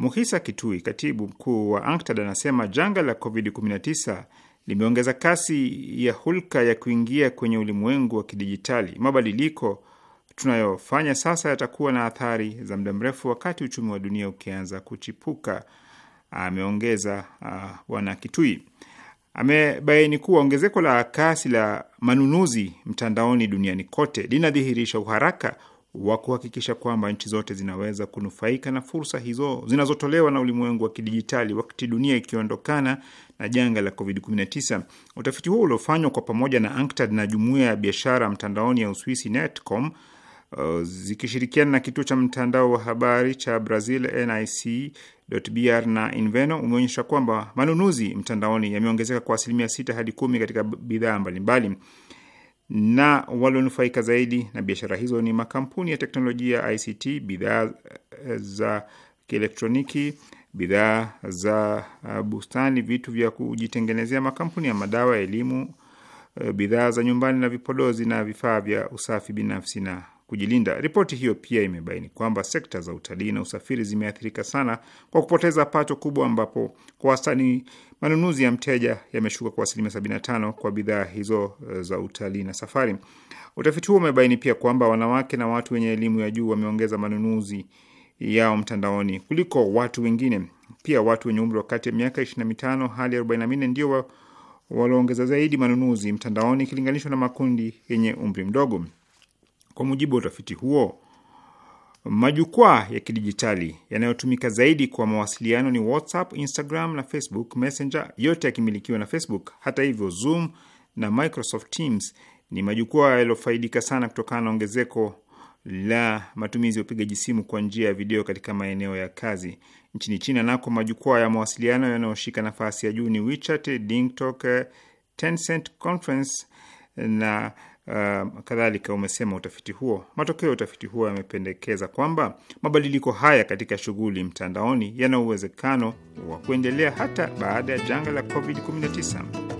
Muhisa Kitui, katibu mkuu wa ANKTAD, anasema janga la COVID-19 limeongeza kasi ya hulka ya kuingia kwenye ulimwengu wa kidijitali. Mabadiliko tunayofanya sasa yatakuwa na athari za muda mrefu wakati uchumi wa dunia ukianza kuchipuka, ameongeza uh, bwana Kitui. Amebaini kuwa ongezeko la kasi la manunuzi mtandaoni duniani kote linadhihirisha uharaka wa kuhakikisha kwamba nchi zote zinaweza kunufaika na fursa hizo zinazotolewa na ulimwengu wa kidijitali wakati dunia ikiondokana na janga la COVID-19. Utafiti huo uliofanywa kwa pamoja na anktad na jumuiya ya biashara mtandaoni ya Uswisi Netcom uh, zikishirikiana na kituo cha mtandao wa habari cha Brazil NIC.br na Inveno umeonyesha kwamba manunuzi mtandaoni yameongezeka kwa asilimia sita hadi kumi katika bidhaa mbalimbali na walionufaika zaidi na biashara hizo ni makampuni ya teknolojia ICT, bidhaa eh, za kielektroniki, bidhaa za eh, bustani, vitu vya kujitengenezea, makampuni ya madawa, elimu, eh, bidhaa za nyumbani na vipodozi, na vifaa vya usafi binafsi na kujilinda. Ripoti hiyo pia imebaini kwamba sekta za utalii na usafiri zimeathirika sana kwa kupoteza pato kubwa, ambapo kwa wastani manunuzi ya mteja yameshuka kwa asilimia 75 kwa bidhaa hizo eh, za utalii na safari. Utafiti huo umebaini pia kwamba wanawake na watu wenye elimu ya juu wameongeza manunuzi yao mtandaoni kuliko watu wengine. Pia watu wenye umri wa kati ya miaka 25 hadi 44 ndio walioongeza zaidi manunuzi mtandaoni ikilinganishwa na makundi yenye umri mdogo. Kwa mujibu wa utafiti huo, majukwaa ya kidijitali yanayotumika zaidi kwa mawasiliano ni WhatsApp, Instagram na Facebook Messenger, yote yakimilikiwa na Facebook. Hata hivyo, Zoom na Microsoft Teams ni majukwaa yaliyofaidika sana kutokana na ongezeko la matumizi ya upigaji simu kwa njia ya video katika maeneo ya kazi. Nchini China nako majukwaa ya mawasiliano yanayoshika nafasi ya juu ni WeChat, DingTalk, Tencent Conference na Uh, kadhalika umesema utafiti huo, matokeo ya utafiti huo yamependekeza kwamba mabadiliko haya katika shughuli mtandaoni yana uwezekano wa kuendelea hata baada ya janga la COVID-19.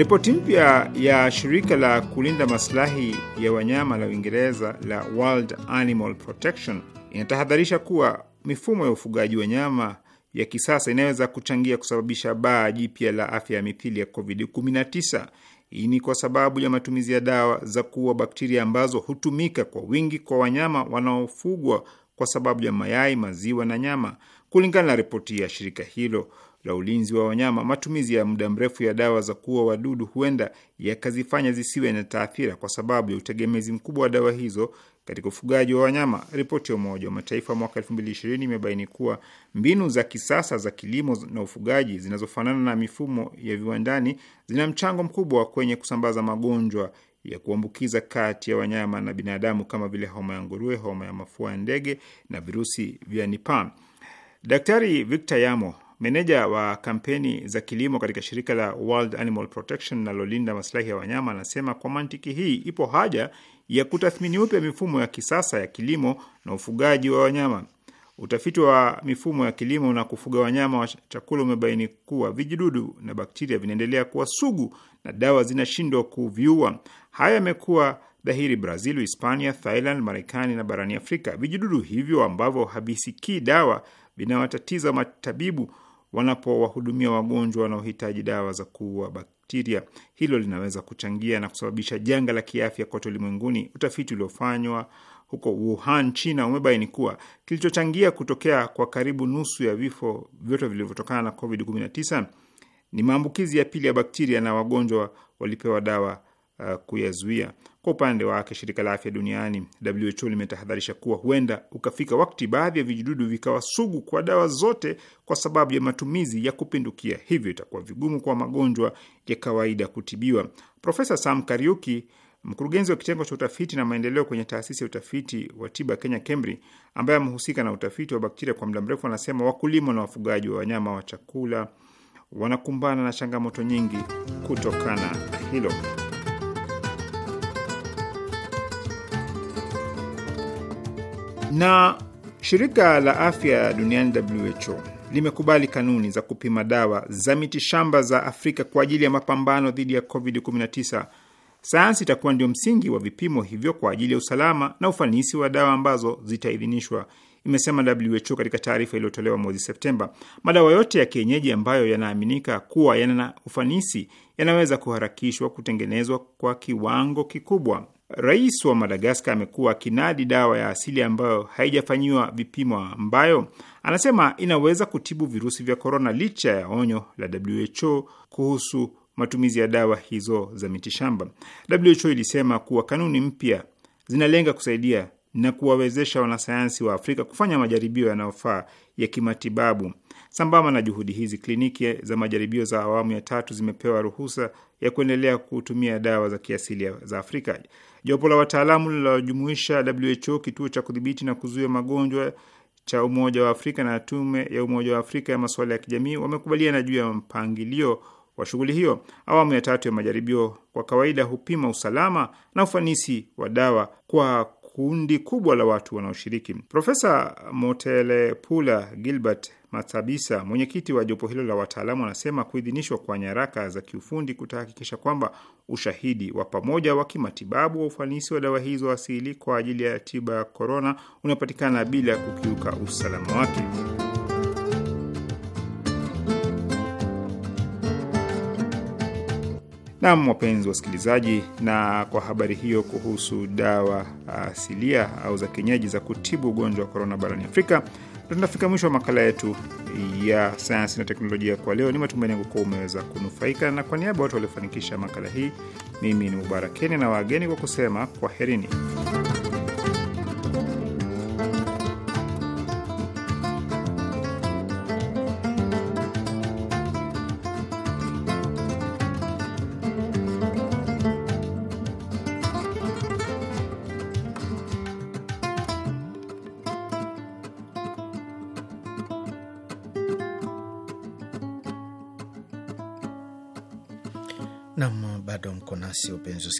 Ripoti mpya ya shirika la kulinda masilahi ya wanyama la Uingereza la World Animal Protection inatahadharisha kuwa mifumo ya ufugaji wa nyama ya kisasa inaweza kuchangia kusababisha baa jipya la afya ya mithili ya COVID-19. Hii ni kwa sababu ya matumizi ya dawa za kuua bakteria ambazo hutumika kwa wingi kwa wanyama wanaofugwa kwa sababu ya mayai, maziwa na nyama. Kulingana na ripoti ya shirika hilo, la ulinzi wa wanyama, matumizi ya muda mrefu ya dawa za kuua wadudu huenda yakazifanya zisiwe na taathira kwa sababu ya utegemezi mkubwa wa dawa hizo katika ufugaji wa wanyama. Ripoti ya Umoja wa Mataifa mwaka 2020 imebaini kuwa mbinu za kisasa za kilimo na ufugaji zinazofanana na mifumo ya viwandani zina mchango mkubwa kwenye kusambaza magonjwa ya kuambukiza kati ya wanyama na binadamu kama vile homa ya nguruwe, homa ya mafua ya ndege na virusi vya Nipah. Daktari Victor Yamo Meneja wa kampeni za kilimo katika shirika la World Animal Protection linalolinda maslahi ya wanyama anasema, kwa mantiki hii ipo haja ya kutathmini upya mifumo ya kisasa ya kilimo na ufugaji wa wanyama. Utafiti wa mifumo ya kilimo na kufuga wanyama wa chakula umebaini kuwa vijidudu na bakteria vinaendelea kuwa sugu na dawa zinashindwa kuviua. Haya yamekuwa dhahiri Brazil, Hispania, Thailand, Marekani na barani Afrika. Vijidudu hivyo ambavyo havisikii dawa vinawatatiza matabibu wanapowahudumia wagonjwa wanaohitaji dawa za kuua bakteria. Hilo linaweza kuchangia na kusababisha janga la kiafya kote ulimwenguni. Utafiti uliofanywa huko Wuhan, China umebaini kuwa kilichochangia kutokea kwa karibu nusu ya vifo vyote vilivyotokana na COVID-19 ni maambukizi ya pili ya bakteria, na wagonjwa walipewa dawa uh, kuyazuia. Kwa upande wake, shirika la afya duniani WHO limetahadharisha kuwa huenda ukafika wakati baadhi ya vijidudu vikawa sugu kwa dawa zote kwa sababu ya matumizi ya kupindukia, hivyo itakuwa vigumu kwa magonjwa ya kawaida kutibiwa. Profesa Sam Kariuki mkurugenzi wa kitengo cha utafiti na maendeleo kwenye taasisi ya utafiti wa tiba Kenya KEMRI, ambaye amehusika na utafiti wa bakteria kwa muda mrefu, anasema wakulima na wafugaji wa wanyama wa chakula wanakumbana na changamoto nyingi kutokana na hilo. Na shirika la afya duniani WHO limekubali kanuni za kupima dawa za mitishamba za Afrika kwa ajili ya mapambano dhidi ya COVID-19. Sayansi itakuwa ndio msingi wa vipimo hivyo kwa ajili ya usalama na ufanisi wa dawa ambazo zitaidhinishwa, imesema WHO katika taarifa iliyotolewa mwezi Septemba. Madawa yote ya kienyeji ambayo yanaaminika kuwa yana ufanisi yanaweza kuharakishwa kutengenezwa kwa kiwango kikubwa. Rais wa Madagaskar amekuwa akinadi dawa ya asili ambayo haijafanyiwa vipimo, ambayo anasema inaweza kutibu virusi vya korona, licha ya onyo la WHO kuhusu matumizi ya dawa hizo za mitishamba. WHO ilisema kuwa kanuni mpya zinalenga kusaidia na kuwawezesha wanasayansi wa Afrika kufanya majaribio yanayofaa ya kimatibabu. Sambamba na juhudi hizi, kliniki za majaribio za awamu ya tatu zimepewa ruhusa ya kuendelea kutumia dawa za kiasili za Afrika. Jopo la wataalamu lilojumuisha WHO, kituo cha kudhibiti na kuzuia magonjwa cha Umoja wa Afrika na tume ya Umoja wa Afrika ya masuala ya kijamii wamekubaliana juu ya mpangilio wa shughuli hiyo. Awamu ya tatu ya majaribio kwa kawaida hupima usalama na ufanisi wa dawa kwa kundi kubwa la watu wanaoshiriki. Profesa Motelepula Gilbert Matsabisa, mwenyekiti wa jopo hilo la wataalamu, anasema kuidhinishwa kwa nyaraka za kiufundi kutahakikisha kwamba ushahidi wa pamoja wa kimatibabu wa ufanisi wa dawa hizo asili kwa ajili ya tiba ya korona unapatikana bila kukiuka usalama wake. Nam, wapenzi wasikilizaji, na kwa habari hiyo kuhusu dawa asilia au za kienyeji za kutibu ugonjwa wa korona barani Afrika, tunafika mwisho wa makala yetu ya sayansi na teknolojia kwa leo. Ni matumaini yangu kuwa umeweza kunufaika, na kwa niaba ya watu waliofanikisha makala hii, mimi ni Mubarakeni na wageni kwa kusema kwaherini.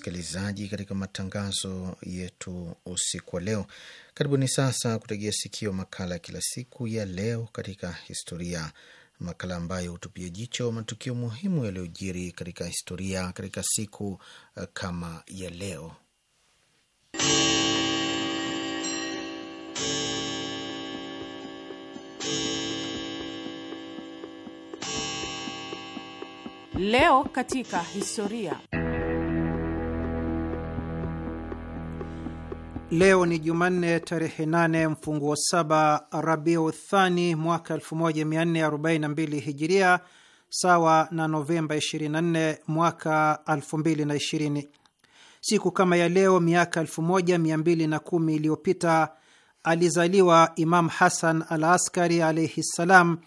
msikilizaji, katika matangazo yetu usiku wa leo. Karibuni sasa kutegea sikio makala ya kila siku ya leo katika historia, makala ambayo hutupia jicho matukio muhimu yaliyojiri katika historia katika siku eh, kama ya leo. Leo katika historia Leo ni Jumanne tarehe 8 mfunguo saba Rabiu Thani mwaka 1442 Hijiria, sawa na Novemba 24 mwaka 2020. Siku kama ya leo miaka 1210 iliyopita alizaliwa Imam Hasan al Askari alaihi ssalam,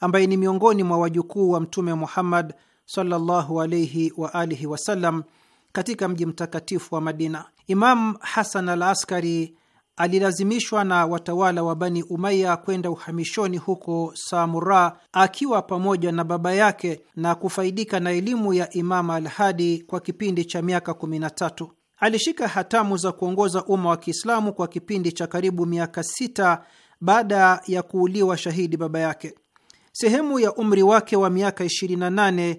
ambaye ni miongoni mwa wajukuu wa Mtume Muhammad sallallahu alaihi waalihi wasallam katika mji mtakatifu wa Madina. Imam Hasan al Askari alilazimishwa na watawala wa Bani Umaya kwenda uhamishoni huko Samura akiwa pamoja na baba yake na kufaidika na elimu ya Imam al Hadi kwa kipindi cha miaka 13. Alishika hatamu za kuongoza umma wa Kiislamu kwa kipindi cha karibu miaka sita baada ya kuuliwa shahidi baba yake. Sehemu ya umri wake wa miaka 28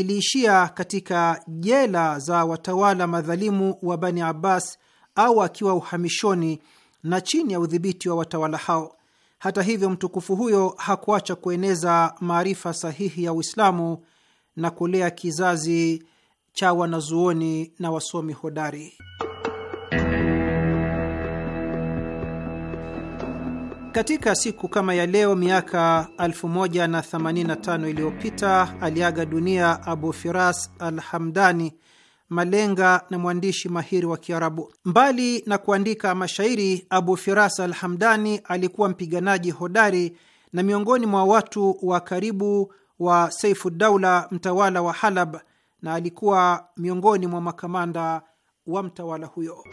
iliishia katika jela za watawala madhalimu wa Bani Abbas au akiwa uhamishoni na chini ya udhibiti wa watawala hao. Hata hivyo, mtukufu huyo hakuacha kueneza maarifa sahihi ya Uislamu na kulea kizazi cha wanazuoni na wasomi hodari. Katika siku kama ya leo miaka 1085 iliyopita aliaga dunia Abu Firas al-Hamdani, malenga na mwandishi mahiri wa Kiarabu. Mbali na kuandika mashairi, Abu Firas al-Hamdani alikuwa mpiganaji hodari na miongoni mwa watu wa karibu wa Saifudaula, mtawala wa Halab, na alikuwa miongoni mwa makamanda wa mtawala huyo.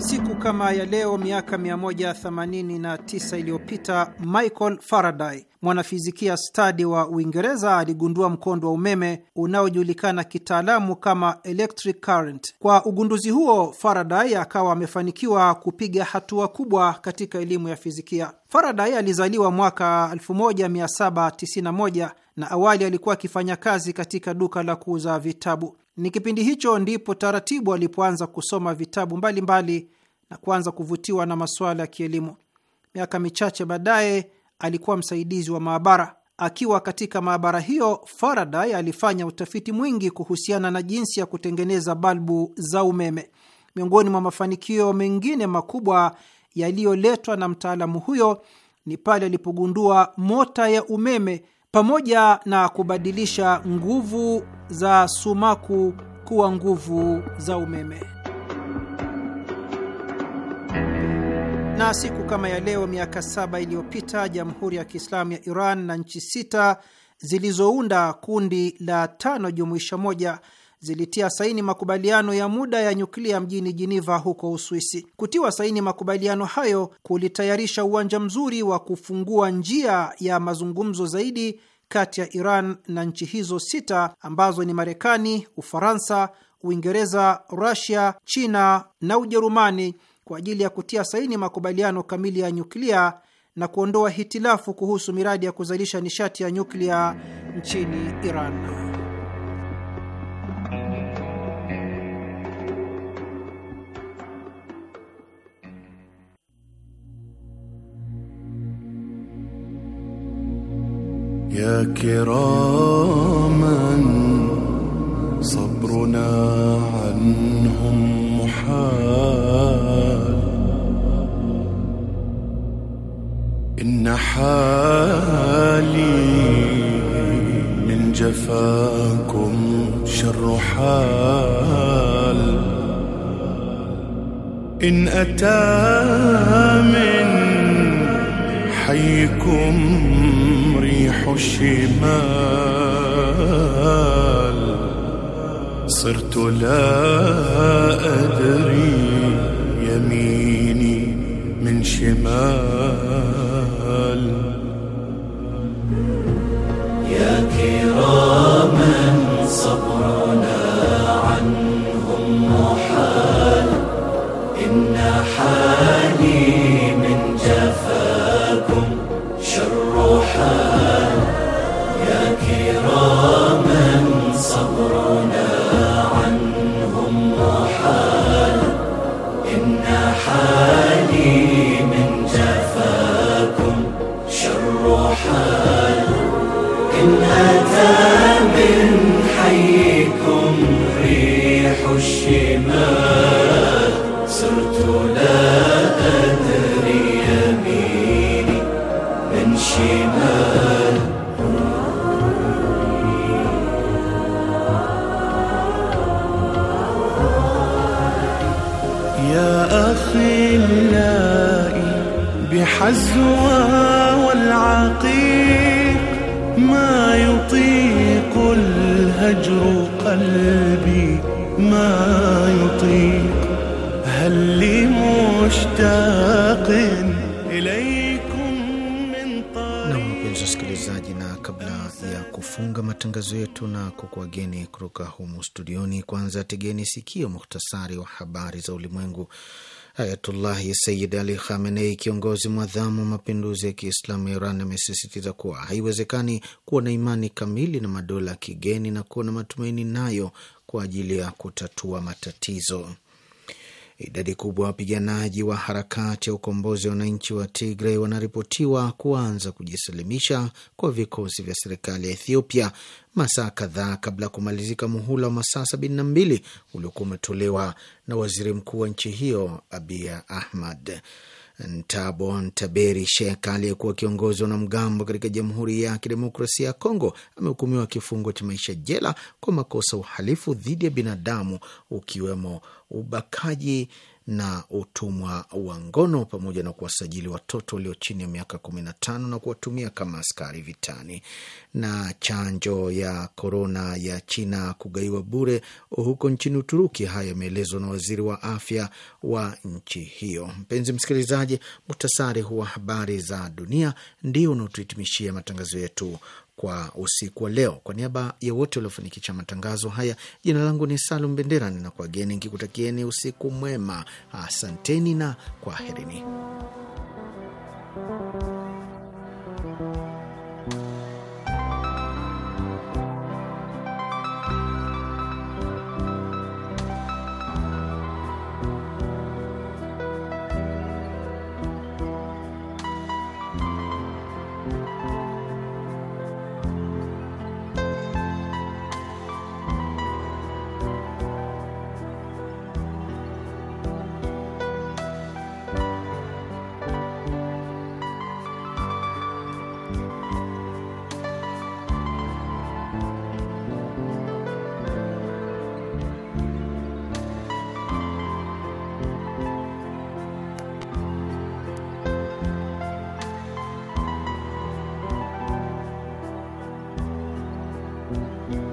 Siku kama ya leo miaka 189 iliyopita Michael Faraday mwanafizikia stadi wa Uingereza aligundua mkondo wa umeme unaojulikana kitaalamu kama electric current. Kwa ugunduzi huo, Faraday akawa amefanikiwa kupiga hatua kubwa katika elimu ya fizikia. Faraday alizaliwa mwaka 1791 na awali alikuwa akifanya kazi katika duka la kuuza vitabu. Ni kipindi hicho ndipo taratibu alipoanza kusoma vitabu mbalimbali mbali na kuanza kuvutiwa na masuala ya kielimu. Miaka michache baadaye alikuwa msaidizi wa maabara. Akiwa katika maabara hiyo, Faraday alifanya utafiti mwingi kuhusiana na jinsi ya kutengeneza balbu za umeme. Miongoni mwa mafanikio mengine makubwa yaliyoletwa na mtaalamu huyo ni pale alipogundua mota ya umeme pamoja na kubadilisha nguvu za sumaku kuwa nguvu za umeme. Na siku kama ya leo miaka saba iliyopita Jamhuri ya Kiislamu ya Iran na nchi sita zilizounda kundi la tano jumuisha moja zilitia saini makubaliano ya muda ya nyuklia mjini Jiniva huko Uswisi. Kutiwa saini makubaliano hayo kulitayarisha uwanja mzuri wa kufungua njia ya mazungumzo zaidi kati ya Iran na nchi hizo sita ambazo ni Marekani, Ufaransa, Uingereza, Rusia, China na Ujerumani kwa ajili ya kutia saini makubaliano kamili ya nyuklia na kuondoa hitilafu kuhusu miradi ya kuzalisha nishati ya nyuklia nchini Iran. يا كراما صبرنا عنهم محال إن حالي من جفاكم شر حال إن أتى من حيكم ريح الشمال صرت لا أدري يميني من شمال يا كراما صبرنا عنهم محال إن حال إن أتى من حيكم ريح الشمال صرت لا أدري يميني من شمال يا أخي الله بحزوى والعقيل يطيق الهجر قلبي ما يطيق هل لي مشتاق إليكم من طريق na kabla ya kufunga matangazo yetu na kukuageni kutoka humu studioni, kwanza tegeni sikio muhtasari wa habari za ulimwengu. Ayatullahi Sayid Ali Khamenei, kiongozi mwadhamu wa mapinduzi ya Kiislamu ya Iran, amesisitiza kuwa haiwezekani kuwa na imani kamili na madola ya kigeni na kuwa na matumaini nayo kwa ajili ya kutatua matatizo. Idadi kubwa ya wapiganaji wa harakati ya ukombozi wa wananchi wa Tigray wanaripotiwa kuanza kujisalimisha kwa vikosi vya serikali ya Ethiopia masaa kadhaa kabla ya kumalizika muhula wa masaa sabini na mbili uliokuwa umetolewa na waziri mkuu wa nchi hiyo Abiy Ahmed. Ntabo Ntaberi Shek aliyekuwa kiongozi wanamgambo katika Jamhuri ya Kidemokrasia ya Kongo amehukumiwa kifungo cha maisha jela kwa makosa uhalifu dhidi ya binadamu ukiwemo ubakaji na utumwa wa ngono pamoja na kuwasajili watoto walio chini ya miaka kumi na tano na kuwatumia kama askari vitani. Na chanjo ya korona ya China kugaiwa bure huko nchini Uturuki. Haya yameelezwa na waziri wa afya wa nchi hiyo. Mpenzi msikilizaji, muhtasari wa habari za dunia ndio unaotuhitimishia matangazo yetu kwa usiku wa leo. Kwa niaba ya wote waliofanikisha matangazo haya, jina langu ni Salum Bendera, ninakuageni nikikutakieni usiku mwema. Asanteni na kwaherini. Mm-hmm.